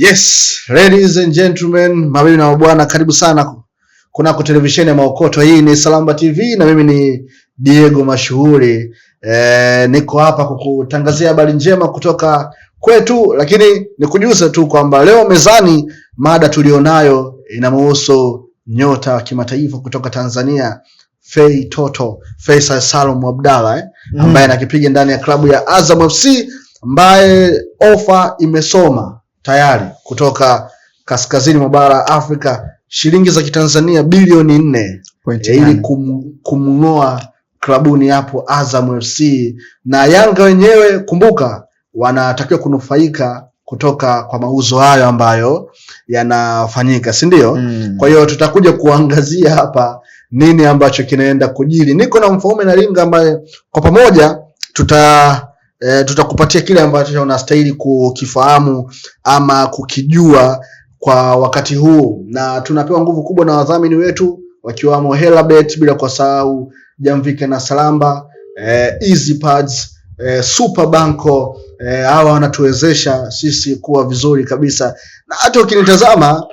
Yes, ladies and gentlemen, mabibi na mabwana, karibu sana kunako televisheni ya Maokoto. Hii ni Salamba TV na mimi ni Diego Mashuhuri. E, niko hapa kukutangazia habari njema kutoka kwetu, lakini nikujuze tu kwamba leo mezani mada tulionayo inamhusu nyota wa kimataifa kutoka Tanzania Fei Toto Faisal Salum Abdalla eh, mm. ambaye mm anakipiga ndani ya klabu ya Azam FC ambaye ofa imesoma tayari kutoka kaskazini mwa bara la Afrika shilingi za kitanzania bilioni nne eh, ili kum, kumng'oa klabuni hapo Azam FC na Yanga wenyewe. Kumbuka wanatakiwa kunufaika kutoka kwa mauzo hayo ambayo yanafanyika, si ndio? Mm. Kwa hiyo tutakuja kuangazia hapa nini ambacho kinaenda kujiri. Niko na Mfaume na Linga ambaye kwa pamoja tuta e, tutakupatia kile ambacho unastahili kukifahamu ama kukijua kwa wakati huu, na tunapewa nguvu kubwa na wadhamini wetu wakiwamo Helabet, bila kusahau Jamvike na Salamba, e, Easy Pads, e, Super Banko hawa e, wanatuwezesha sisi kuwa vizuri kabisa, na hata ukinitazama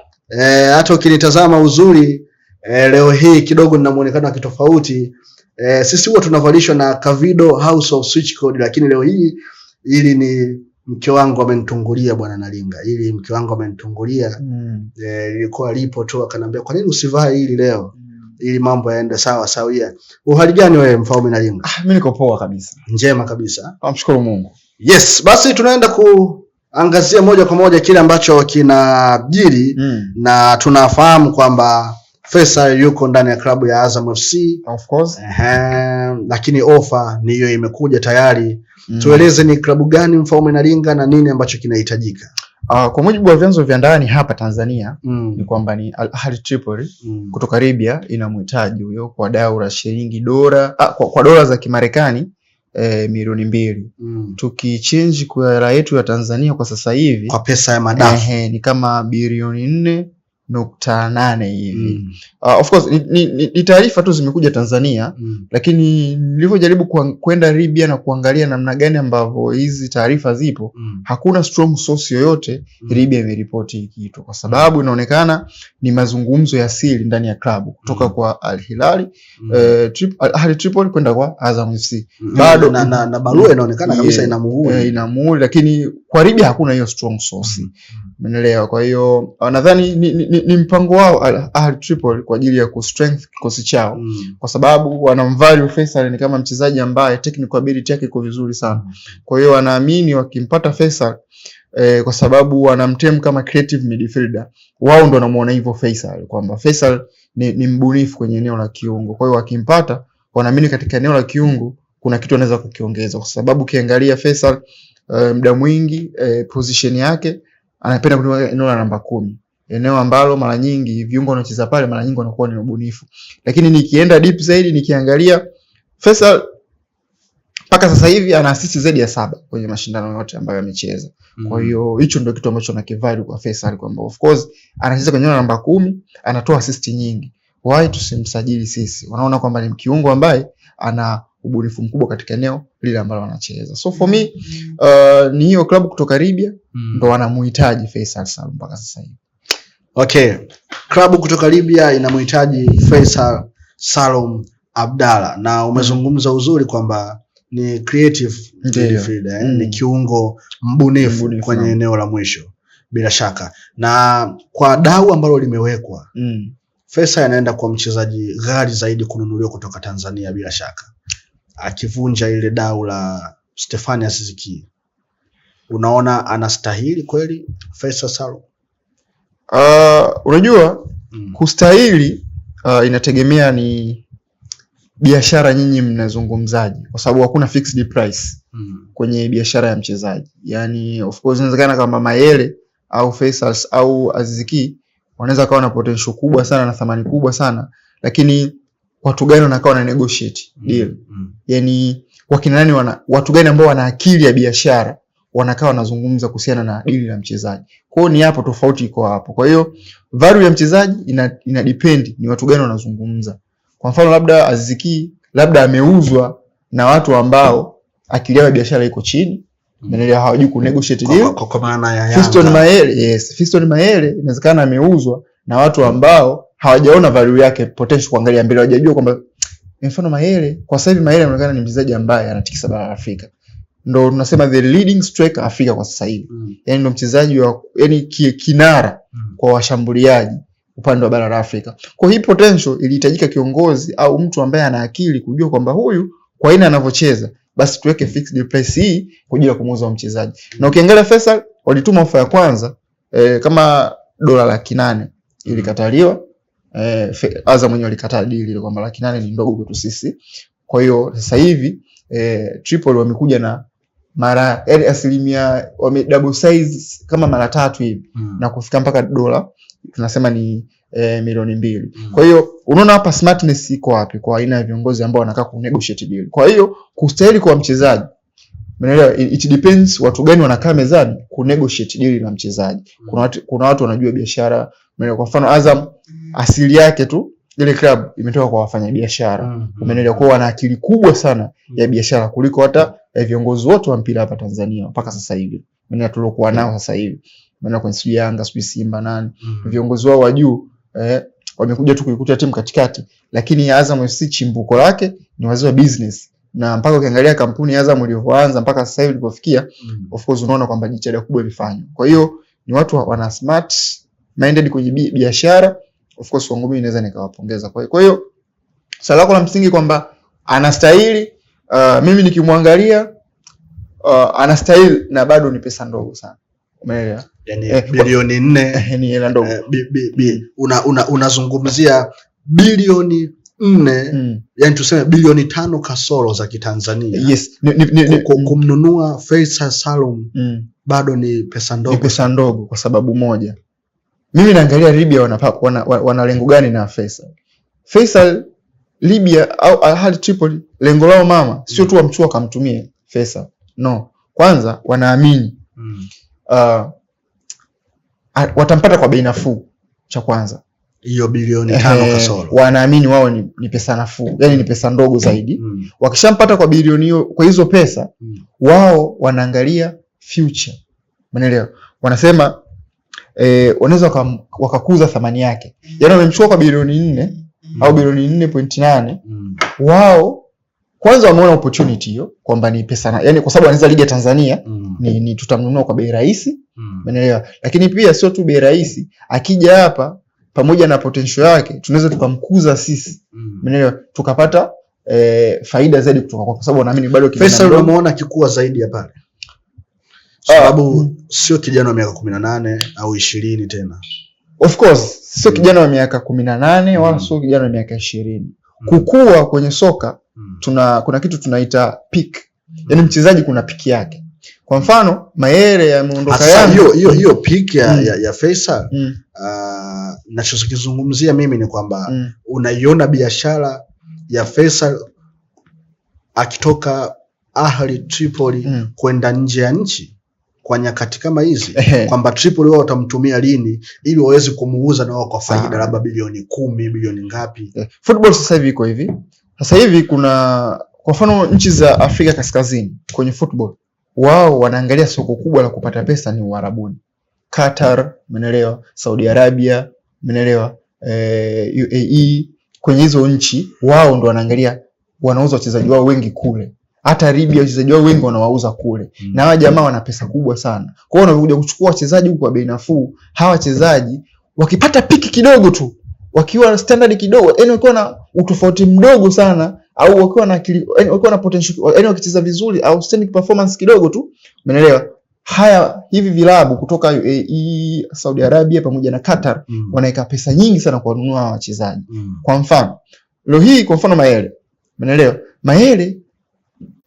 hata e, ukinitazama uzuri e, leo hii kidogo nina muonekano wa kitofauti. Eh, sisi huwa tunavalishwa na Kavido House of Switch Code, lakini leo hii ili ni mke wangu amenitungulia bwana Nalinga, ili mke wangu amenitungulia mm. Eh, ilikuwa lipo tu akanambia kwa nini usivaa hili leo mm. ili mambo yaende sawa sawia. Uhali gani wewe mfaume Nalinga? Ah, mimi niko poa kabisa, njema kabisa, namshukuru Mungu. Yes, basi tunaenda ku angazia moja kwa moja kile ambacho kinajiri mm. na tunafahamu kwamba Faisal yuko ndani ya klabu ya Azam FC of course. Ehem, lakini ofa ni hiyo imekuja tayari mm. Tueleze ni klabu gani Mfaume inalenga na nini ambacho kinahitajika? Uh, kwa mujibu wa vyanzo vya ndani hapa Tanzania mm. ni kwamba ni Al Tripoli mm. kutoka Libya inamhitaji huyo kwa daura shilingi dola ah, kwa, kwa dola za Kimarekani eh, milioni mbili mm. tukichange kwa hela yetu ya Tanzania kwa sasa hivi kwa pesa ya madafu eh, ni kama bilioni nne nukta nane hivi mm. Uh, of course ni, ni, ni taarifa tu zimekuja Tanzania mm. Lakini nilivyojaribu kwenda Libya na kuangalia namna gani ambavyo hizi taarifa zipo mm. Hakuna strong source yoyote mm. Libya imeripoti hiki kitu, kwa sababu inaonekana ni mazungumzo ya siri ndani ya klabu kutoka mm. kwa Al Hilal mm. eh, trip, Al Tripoli kwenda kwa Azam FC mm. Bado na, na, na barua inaonekana yeah, kabisa ina inamuhuri eh, muhuri lakini kwa Libya hakuna hiyo strong source mm. mm. Menelewa. Kwa hiyo ah, nadhani ni, ni, ni, ni mpango wao Al Tripoli kwa ajili ya ku strength kikosi chao mm. kwa sababu wana wanamvalue Faisal ni kama mchezaji ambaye technical ability yake iko vizuri sana. Kwa hiyo wanaamini wakimpata Faisal eh, kwa sababu wanamtem kama creative midfielder, wao ndo wanamuona hivyo Faisal kwamba Faisal ni, ni mbunifu kwenye eneo la kiungo. Kwa hiyo wakimpata, wanaamini katika eneo la kiungo kuna kitu anaweza kukiongeza, kwa sababu ukiangalia Faisal eh, muda mwingi eh, position yake anapenda kutumia eneo la namba kumi eneo ambalo mara nyingi viungo wanacheza pale mara nyingi wanakuwa ni ubunifu, lakini nikienda deep zaidi nikiangalia Faisal mpaka sasa hivi ana assist zaidi ya saba kwenye mashindano yote ambayo amecheza. Kwa mm-hmm. hiyo hicho ndio kitu ambacho nakivalue kwa Faisal kwamba of course anacheza kwenye namba kumi, anatoa assist nyingi. Why tusimsajili sisi? Wanaona kwamba ni kiungo ambaye ana ubunifu mkubwa katika eneo lile ambalo wanacheza. So for me, mm-hmm. uh, ni hiyo klabu kutoka Libya mm-hmm. ndo wanamuhitaji Faisal Salum mpaka sasa hivi. Okay, klabu kutoka Libya inamhitaji Faisal Salum Abdalla na umezungumza uzuri kwamba ni creative midfielder, mm. ni kiungo mbunifu Mbunifu kwenye eneo la mwisho bila shaka, na kwa dau ambalo limewekwa mm. Faisal anaenda kwa mchezaji ghali zaidi kununuliwa kutoka Tanzania bila shaka, akivunja ile dau la Stefania Aziz Ki. Unaona anastahili kweli Faisal Salum? Uh, unajua mm. kustahili uh, inategemea ni biashara nyinyi mnazungumzaji kwa sababu hakuna fixed price mm. kwenye biashara ya mchezaji. Yani of course inawezekana kama Mayele au Faisals, au Aziziki wanaweza kawa na potential kubwa sana na thamani kubwa sana, lakini watu gani wanakawa na negotiate mm. deal mm. yani wakina nani wana, watu gani ambao wana akili ya biashara wanakaa wanazungumza kuhusiana na dili la mchezaji. Kwa hiyo ni hapo tofauti iko hapo. Kwa hiyo value ya mchezaji ina, ina depend ni watu gani wanazungumza. Kwa mfano labda Aziz Ki labda ameuzwa na watu ambao akili yao ya biashara iko chini mm. na hawajui ku negotiate deal. Kwa maana ya Fiston Mayele, yes, Fiston Mayele inawezekana ameuzwa na watu ambao hawajaona value yake potential, kuangalia mbele, hawajajua kwamba mfano Mayele kwa sasa hivi Mayele anaonekana ni mchezaji ambaye anatikisa bara la Afrika ndo tunasema the leading striker Afrika kwa sasa hivi mm. Yani ndo mchezaji wa yani kinara mm. kwa washambuliaji upande wa bara la Afrika. Kwa hii potential ilihitajika kiongozi au mtu ambaye ana akili kujua kwamba huyu kwa aina anavyocheza basi tuweke fixed price hii kwa ajili ya kumuuza mchezaji. mm. Na ukiangalia Faisal walituma ofa ya kwanza eh, kama dola laki nane mm. ilikataliwa. Eh, Azam mwenyewe alikataa deal ile kwamba laki nane ni ndogo kwetu sisi. Kwa hiyo sasa hivi eh, Tripoli wamekuja na mara yani asilimia wame double size kama mara tatu hivi mm. na kufika mpaka dola tunasema ni e, milioni mbili mm. kwa hiyo unaona hapa smartness iko wapi kwa aina ya viongozi ambao wanakaa kunegotiate deal. Kwa hiyo kustahili kwa mchezaji, unaelewa, it depends watu gani wanakaa mezani ku negotiate deal na mchezaji. Kuna hmm. watu, kuna watu wanajua biashara, kwa mfano Azam asili yake tu ile club imetoka kwa wafanyabiashara mm -hmm. Umeelewa kwa wana akili kubwa sana mm -hmm. ya mm-hmm. biashara kuliko hata ya eh, viongozi wote wa mpira hapa Tanzania mpaka sasa hivi, maana tulokuwa nao sasa hivi, maana kwa sisi Yanga sisi Simba nani mm -hmm. viongozi wao wa juu eh, wamekuja tu kuikuta timu katikati, lakini Azam FC chimbuko lake ni wazee wa business na mpaka ukiangalia kampuni ya Azam ilivyoanza mpaka sasa hivi ilipofikia, mm -hmm. of course unaona kwamba jitihada kubwa imefanywa. Kwa hiyo ni watu wana smart minded kwenye biashara bi of course kwangu mimi naweza nikawapongeza. Kwa hiyo swali lako la msingi kwamba anastahili uh, mimi nikimwangalia uh, anastahili na bado ni pesa ndogo sana. Umeelewa? Yani eh, bilioni nne ni hela ndogo. Eh, unazungumzia una, una bilioni nne mm. Yani tuseme bilioni tano kasoro za Kitanzania yes. Kumnunua Faisal Salum mm. bado ni pesa ndogo, ni pesa ndogo kwa sababu moja mimi naangalia Libya wana, wana, wana lengo gani na Faisal. Faisal Libya au Al Ahly Tripoli lengo lao mama sio tu wamchua akamtumie Faisal. No, kwanza wanaamini mm. uh, watampata kwa bei nafuu, cha kwanza hiyo bilioni tano kasoro. Wanaamini wao ni, ni pesa nafuu, yani ni pesa ndogo zaidi mm. Wakishampata kwa bilioni hiyo, kwa hizo pesa mm. wao wanaangalia future, umeelewa? Wanasema eh, wanaweza wakakuza waka, thamani yake mm. Yani wamemchukua kwa bilioni nne mm. au bilioni nne pointi nane mm. wao kwanza wameona opportunity hiyo kwamba ni pesa na, yani kwa sababu anaweza ligi ya Tanzania mm. ni, ni tutamnunua kwa bei rahisi mm. umeelewa mm. Lakini pia sio tu bei rahisi, akija hapa pamoja na potential yake tunaweza tukamkuza sisi mm. umeelewa mm. tukapata eh, faida zaidi kutoka kwa sababu naamini bado pesa unamuona kikua zaidi hapa sababu ah, mm. sio kijana wa miaka kumi na nane au ishirini tena. Of course sio mm. kijana wa miaka kumi na nane wala mm. sio kijana wa miaka ishirini. Kukua kwenye soka tuna, kuna kitu tunaita peak. yani mchezaji kuna peak yake. Kwa mfano Mayele yameondoka Yanga. Hiyo hiyo hiyo peak ya, mm. ya, ya Faisal mm. uh, nachokizungumzia mimi ni kwamba mm. unaiona biashara ya Faisal akitoka Ahli Tripoli mm. kwenda nje ya nchi kwa nyakati kama hizi kwamba Tripoli wao watamtumia lini ili waweze kumuuza na wao kwa faida ah. labda bilioni kumi, bilioni ngapi? Yeah. Football sasa hivi iko hivi. Sasa hivi kuna kwa mfano nchi za Afrika Kaskazini kwenye football wao wanaangalia soko kubwa la kupata pesa ni Uarabuni. Qatar, umeelewa? Saudi Arabia, umeelewa? Eh, UAE kwenye hizo nchi wao ndo wanaangalia wanauza wachezaji wao wengi kule hata ribi mm. wachezaji wao wengi wanawauza kule mm. na hawa jamaa wana pesa kubwa sana. Kwa hiyo wanakuja kuchukua wachezaji huko kwa bei nafuu. Hawa wachezaji wakipata piki kidogo tu, wakiwa na standard kidogo, yani wakiwa na utofauti mdogo sana, au wakiwa na yani wakiwa na potential, yani wakicheza vizuri, au outstanding performance kidogo tu, umeelewa? Haya, hivi vilabu kutoka UAE, Saudi Arabia pamoja na Qatar mm. wanaweka pesa nyingi sana kwa kununua wachezaji mm. kwa mfano leo hii, kwa mfano Maele, umeelewa? Maele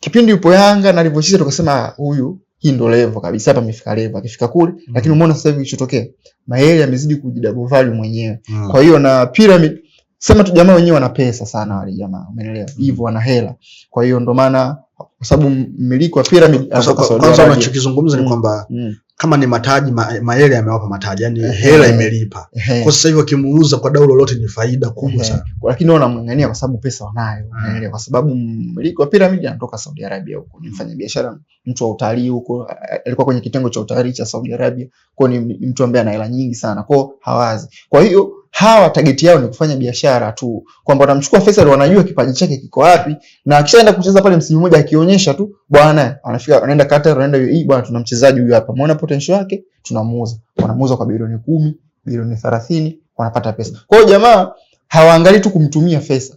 kipindi yupo Yanga na alivyocheza tukasema huyu hii ndo levo kabisa, hapa amefika levo, akifika kule mm. Lakini umeona sasa hivi kilichotokea, Mayele amezidi kujidouble value mwenyewe mm. Kwa hiyo na Pyramid sema tu jamaa wenyewe wana pesa sana wale jamaa, umeelewa mm. hivyo, wana hela. Kwa hiyo ndo maana kwa sababu mmiliki wa Pyramid, kwanza anachokizungumza ni mm. kwamba mm kama ni mataji ma, Mayele amewapa mataji yani uh -huh. hela imelipa uh -huh. kwa sasa hivi wakimuuza kwa dau lolote ni faida kubwa uh -huh. sana, lakini wao wanamng'ang'ania kwa sababu pesa wanayo uh ah. -huh. kwa sababu mmiliki wa Piramidi anatoka Saudi Arabia huko, ni mfanyabiashara mtu wa utalii huko, alikuwa kwenye kitengo cha utalii cha Saudi Arabia, kwa ni mtu ambaye ana hela nyingi sana, kwa hawazi. Kwa hiyo hawa target yao ni kufanya biashara tu, kwamba wanamchukua Faisal, wanajua kipaji chake kiko wapi, na akishaenda kucheza pale msimu mmoja, akionyesha tu bwana, anafika anaenda Qatar, anaenda UAE, bwana, tuna mchezaji huyu hapa, muone potential yake, tunamuuza. Wanamuuza kwa bilioni kumi, bilioni thelathini, wanapata pesa. Kwa hiyo jamaa hawaangalii tu kumtumia Faisal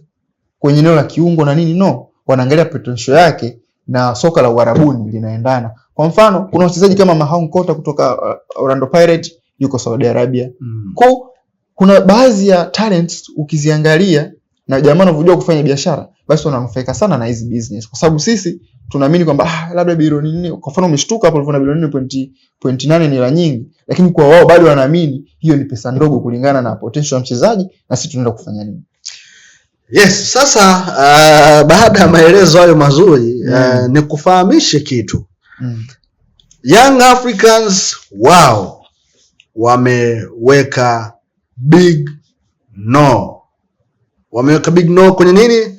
kwenye eneo la kiungo na nini, no, wanaangalia potential yake na soka la Uarabuni linaendana. Kwa mfano, kuna wachezaji kama Mahon Kota kutoka uh, Orlando Pirates, yuko Saudi Arabia. mm. kwa kuna baadhi ya talents ukiziangalia na jamaa anavyojua kufanya biashara, basi wananufaika sana na hizi business, kwa sababu sisi tunaamini kwamba ah, labda bilioni nne kwa mfano umeshtuka hapo ulivyona bilioni nne pointi pointi nane ni la nyingi, lakini kwa wao bado wanaamini hiyo ni pesa ndogo kulingana na potential ya mchezaji, na sisi tunaenda kufanya nini? Yes, sasa uh, baada ya maelezo hayo mazuri mm. uh, ah, ni kufahamishe kitu mm. Young Africans wao wameweka big no. Wameweka big no kwenye nini?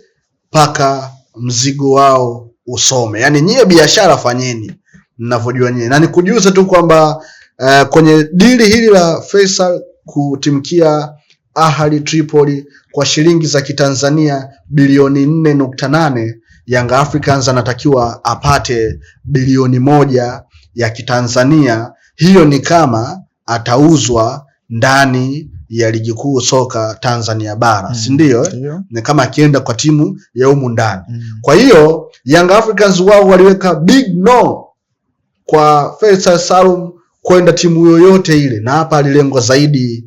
Paka mzigo wao usome. Yaani nyie biashara fanyeni mnavyojua nyie, na nikujuze tu kwamba uh, kwenye dili hili la Faisal kutimkia Ahli Tripoli kwa shilingi za Kitanzania bilioni nne nukta nane Young Africans anatakiwa apate bilioni moja ya Kitanzania. Hiyo ni kama atauzwa ndani ya ligi kuu soka Tanzania bara mm. si eh? ndio? Ni kama akienda kwa timu ya humu ndani mm. kwa hiyo Young Africans wao waliweka big no kwa Faisal Salum kwenda timu yoyote ile, na hapa alilengwa zaidi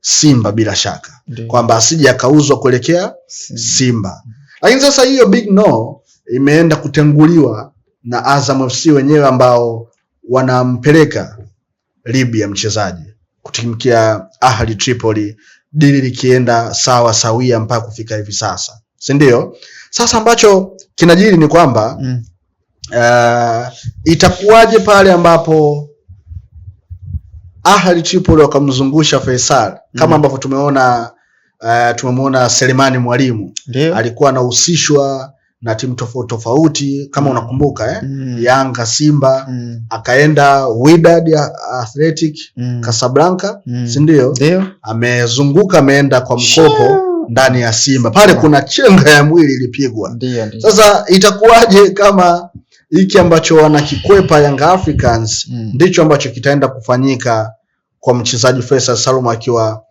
Simba bila shaka kwamba asije akauzwa kuelekea Simba, Simba. Mm. Lakini sasa hiyo big no imeenda kutenguliwa na Azam FC wenyewe ambao wanampeleka Libya mchezaji kutimkia Ahli Tripoli, dili likienda sawa sawia mpaka kufika hivi sasa, si ndio? Sasa ambacho kinajiri ni kwamba mm. uh, itakuwaje pale ambapo Ahli Tripoli wakamzungusha Faisal kama mm. ambavyo tumeona uh, tumemwona Selemani Mwalimu alikuwa anahusishwa na timu tofauti tofauti kama mm. unakumbuka eh? mm. Yanga, Simba mm. akaenda Wydad Athletic mm. Casablanca mm. si ndio? Amezunguka, ameenda kwa mkopo ndani ya Simba pale Sima. Kuna chenga ya mwili ilipigwa. Sasa itakuwaje kama hiki ambacho wanakikwepa Yanga Africans mm. ndicho ambacho kitaenda kufanyika kwa mchezaji Faisal Salum akiwa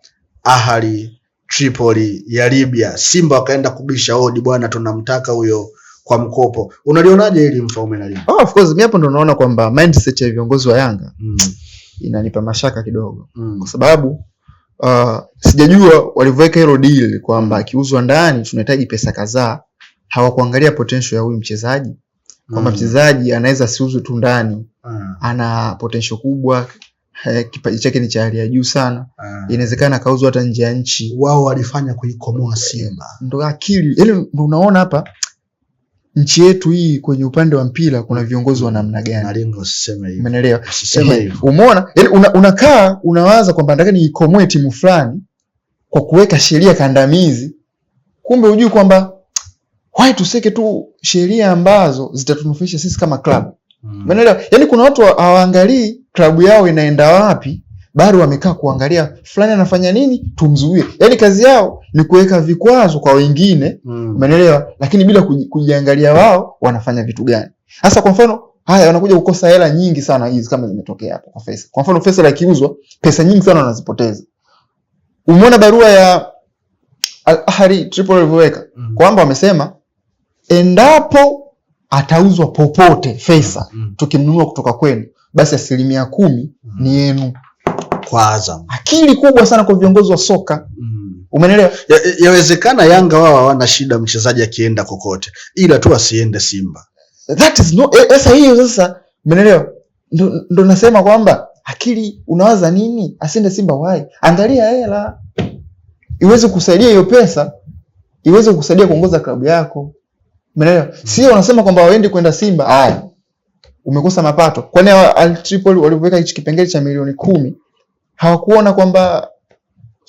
Ahali Tripoli ya Libya, Simba wakaenda kubisha hodi, bwana tunamtaka huyo kwa mkopo. Unalionaje hili Mfaume na Libya? Oh, of course mimi hapo ndo naona kwamba mindset ya viongozi wa Yanga mm. inanipa mashaka kidogo mm. kwa sababu uh, sijajua walivyoweka hilo deal kwamba akiuzwa ndani tunahitaji pesa kadhaa, hawakuangalia potential ya huyu mchezaji kwamba mm. mchezaji anaweza siuzwe tu ndani mm. ana potential kubwa Eh, kipaji chake ni cha hali ya juu sana, ah. inawezekana akauzwa hata nje ya nchi. Wao walifanya kuikomoa Simba, ndo akili ile. Yaani, unaona hapa nchi yetu hii kwenye upande wa mpira kuna viongozi wa namna gani? Umeelewa? Eh, umeona, yaani, unakaa unawaza kwamba nataka niikomoe timu fulani kwa kuweka sheria kandamizi, kumbe hujui kwamba wai tuseke tu sheria ambazo zitatunufaisha sisi kama klabu. Mm. Umeelewa? Yani kuna watu hawaangalii klabu yao inaenda wapi, bado wamekaa kuangalia fulani anafanya nini, tumzuie. Yaani kazi yao ni kuweka vikwazo kwa wengine, mm. umeelewa? Mm. Lakini bila kujiangalia wao wanafanya vitu gani. hasa kwa mfano haya wanakuja kukosa hela nyingi sana hizi kama zimetokea hapo kwa fesa Kwa mfano fesa akiuzwa, pesa nyingi sana wanazipoteza. Umeona barua ya alahari triple Tripoli alivyoweka mm. kwamba wamesema endapo atauzwa popote fesa mm. tukimnunua kutoka kwenu basi asilimia kumi mm ni yenu kwa Azam. Akili kubwa sana kwa viongozi wa soka mm. umeelewa? Yawezekana ya Yanga wao hawana shida mchezaji akienda kokote, ila tu asiende Simba. That is no e, eh, esa eh, hiyo sasa, umeelewa? Ndo ndo nasema kwamba akili, unawaza nini? Asiende Simba wai, angalia hela iweze kusaidia, hiyo pesa iweze kusaidia kuongoza klabu yako, umeelewa? mm. Sio unasema kwamba waende kwenda Simba, haya umekosa mapato. Kwani Al Tripoli walivyoweka hichi kipengele cha milioni kumi hawakuona kwamba,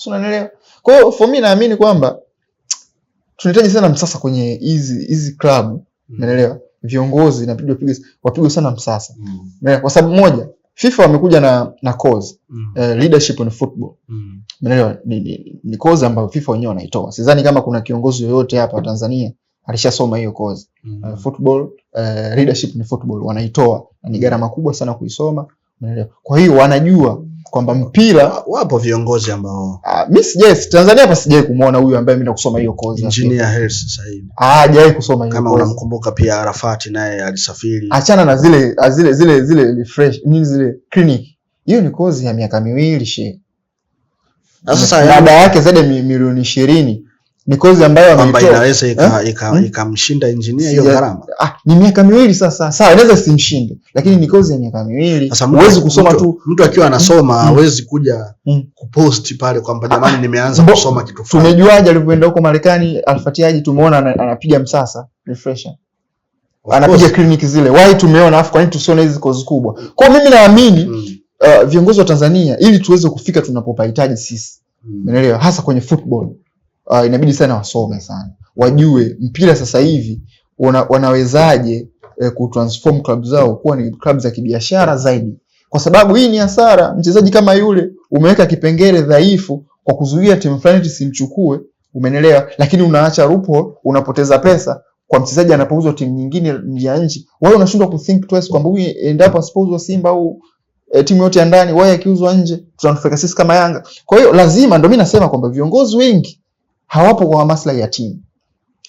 unanielewa? Kwa hiyo for me naamini kwamba tunahitaji sana msasa kwenye hizi hizi klabu, unaelewa mm. Viongozi inabidi wapigwe wapigwe sana msasa mm. Kwa sababu moja FIFA wamekuja na na cause mm. uh, leadership in football mm. Unaelewa, ni, ni, ni cause ambayo FIFA wenyewe wanaitoa. Sidhani kama kuna kiongozi yoyote hapa Tanzania alishasoma hiyo cause mm. uh, football uh, leadership ni football wanaitoa ni mm. gharama kubwa sana kuisoma. Kwa hiyo wanajua kwamba mpira, wapo viongozi ambao ah, yes, Tanzania hapa sijai kumuona huyu ambaye mimi kusoma hiyo kozi, engineer Hersi Said ah, hajai kusoma hiyo kama unamkumbuka. Pia Arafati naye alisafiri, achana na zile ah, zile zile zile refresh nini zile clinic, hiyo ni kozi ya miaka miwili she, sasa baada yake zaidi ya milioni ishirini ni kozi ambayo kwamba inaweza eh? hmm? ikamshinda engineer hiyo gharama. Ah, ni miaka miwili sasa. Sawa, inaweza simshinde, lakini ni kozi ya miaka miwili. Huwezi kusoma tu, mtu akiwa hmm? anasoma hmm? hawezi mm, kuja mm, kupost pale kwamba ah, jamani, ah, nimeanza kusoma kitu fulani. Tumejuaje alipoenda huko Marekani? alifuatiaje? tumeona anapiga msasa refresher, anapiga kliniki zile, why tumeona, afu kwa nini tusione hizi kozi kubwa? Kwa mimi naamini mm, uh, viongozi wa Tanzania, ili tuweze kufika tunapopahitaji sisi, mm, menelewa hasa kwenye football uh, inabidi sana wasome sana, wajue mpira sasa hivi wana, wanawezaje eh, kutransform club zao kuwa ni club za kibiashara zaidi, kwa sababu hii ni hasara. Mchezaji kama yule umeweka kipengele dhaifu kwa kuzuia timu fulani isimchukue, umenelewa, lakini unaacha rupo, unapoteza pesa kwa mchezaji anapouzwa timu nyingine nje ya nchi. Wao unashindwa ku think twice kwamba huyu endapo asipouzwa Simba au e, timu yote ya ndani, wao akiuzwa nje tutanufaika sisi kama Yanga. Kwa hiyo lazima, ndio mimi nasema kwamba viongozi wengi hawapo kwa maslahi ya timu,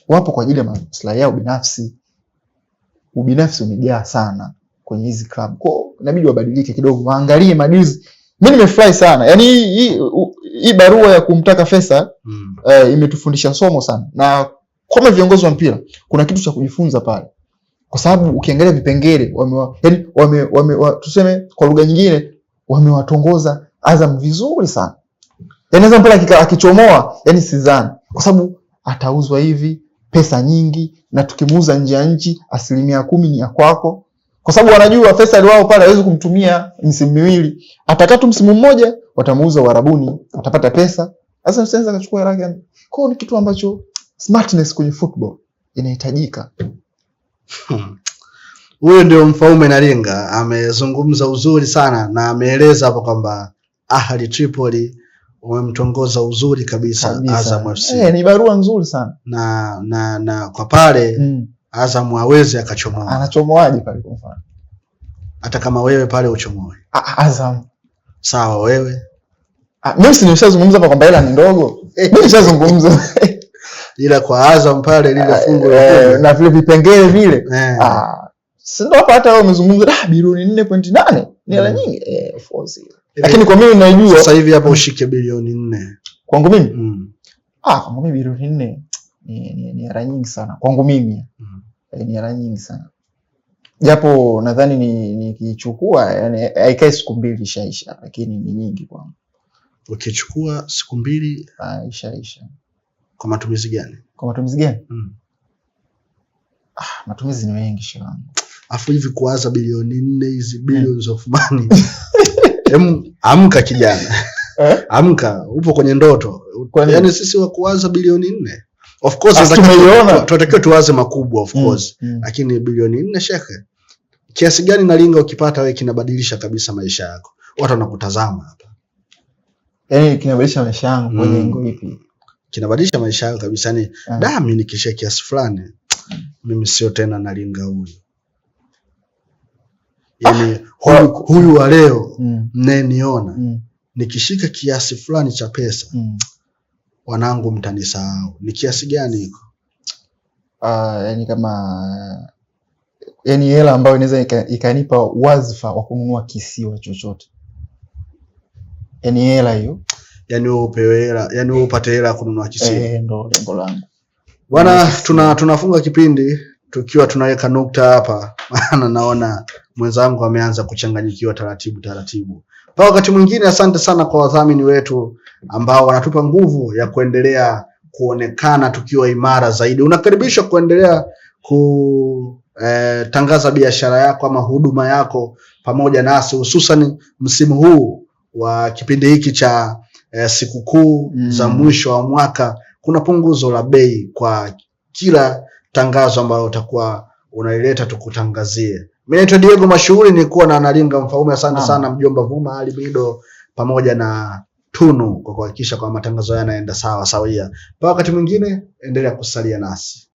wapo kwa ajili ya maslahi yao binafsi. Ubinafsi umejaa sana kwenye hizi klabu, kwa inabidi wabadilike kidogo, waangalie madizi. Mimi nimefurahi sana yani hii barua ya kumtaka Fesa mm. uh, imetufundisha somo sana, na kama viongozi wa mpira kuna kitu cha kujifunza pale, kwa sababu ukiangalia vipengele wame, yani, wame, wame, wa, tuseme kwa lugha nyingine wamewatongoza Azam vizuri sana Yani Azam pale akichomoa, yani sidhani, kwa sababu atauzwa hivi pesa nyingi, na tukimuuza nje ya nchi asilimia kumi ni ya kwako, kwa sababu wanajua Faisal wao pale hawezi kumtumia msimu miwili, atakaa msimu mmoja, watamuuza Warabuni, atapata pesa. Sasa sasa akachukua haraka. Kwao ni kitu ambacho smartness kwenye football inahitajika. Hmm. Huyo ndio Mfaume Nalinga amezungumza uzuri sana na ameeleza hapo kwamba Ahli Tripoli wamemtongoza uzuri kabisa, kabisa. Azam FC e, eh, ni barua nzuri sana na, na, na kwa pale mm. Azam hawezi akachomoa. Anachomoaje pale kwa mfano? Hata kama wewe pale uchomoe Azam sawa, wewe mimi si nimeshazungumza hapa kwamba hela ni ndogo, eh. mimi nimeshazungumza. ila kwa Azam pale lile eh, fungu na vile vipengele vile ah, si ndio hapa, hata wewe umezungumza ah, bilioni nne pointi ni hela mm. nyingi, of course lakini kwa mimi naijua sasa hivi hapo ushike bilioni nne kwangu mimi mm. ah, kwangu mimi bilioni nne ni, ni, ni hela nyingi sana kwangu mimi mm. Eh, ni hela nyingi sana japo nadhani ni nikichukua yani haikai siku mbili ishaisha, lakini ni nyingi kwangu. Ukichukua siku mbili ah, ishaisha. Kwa matumizi gani? Kwa matumizi gani? mm. Ah, matumizi ni mengi shwangu, afu hivi kuwaza bilioni nne hizi eh. billions of money Em, amka kijana eh? Amka, upo kwenye ndoto. Yaani sisi wakuwaza bilioni nne of course ah, tunatakiwa tuwaze makubwa of mm, course mm, mm. Lakini bilioni nne shekhe, kiasi gani nalinga ukipata wewe kinabadilisha kabisa maisha yako, watu wanakutazama hapa. Yaani kinabadilisha maisha yangu kwa lengo mm. lipi? Kinabadilisha maisha yako kabisa, ni yaani, ah. dami nikishia kiasi fulani, mimi sio tena nalinga huyu yani huyu, huyu wa leo mm. mnayeniona mm. nikishika kiasi fulani cha pesa mm. wanangu, mtanisahau. Ni kiasi gani hiko? Uh, ah, yani kama yani hela ambayo inaweza ikanipa wazifa wa kununua kisiwa chochote, yani hela hiyo, yani upewe hela, yani upate hela kununua kisiwa. Eh, ndo lengo langu bwana. Tuna tunafunga kipindi tukiwa tunaweka nukta hapa, maana naona mwenzangu ameanza kuchanganyikiwa taratibu taratibu. Kwa wakati mwingine, asante sana kwa wadhamini wetu ambao wanatupa nguvu ya kuendelea kuonekana tukiwa imara zaidi. Unakaribishwa kuendelea kutangaza eh, tangaza biashara yako ama huduma yako pamoja nasi, hususan msimu huu wa kipindi hiki cha e, sikukuu mm, za mwisho wa mwaka. Kuna punguzo la bei kwa kila tangazo ambalo utakuwa unaileta tukutangazie. Mimi naitwa Diego Mashuhuri, nilikuwa na analinga Mfaume. Asante sana mjomba Vuma Ali Bido pamoja na Tunu kwa kuhakikisha kwa matangazo haya yanaenda sawa sawia. Kwa wakati mwingine, endelea kusalia nasi.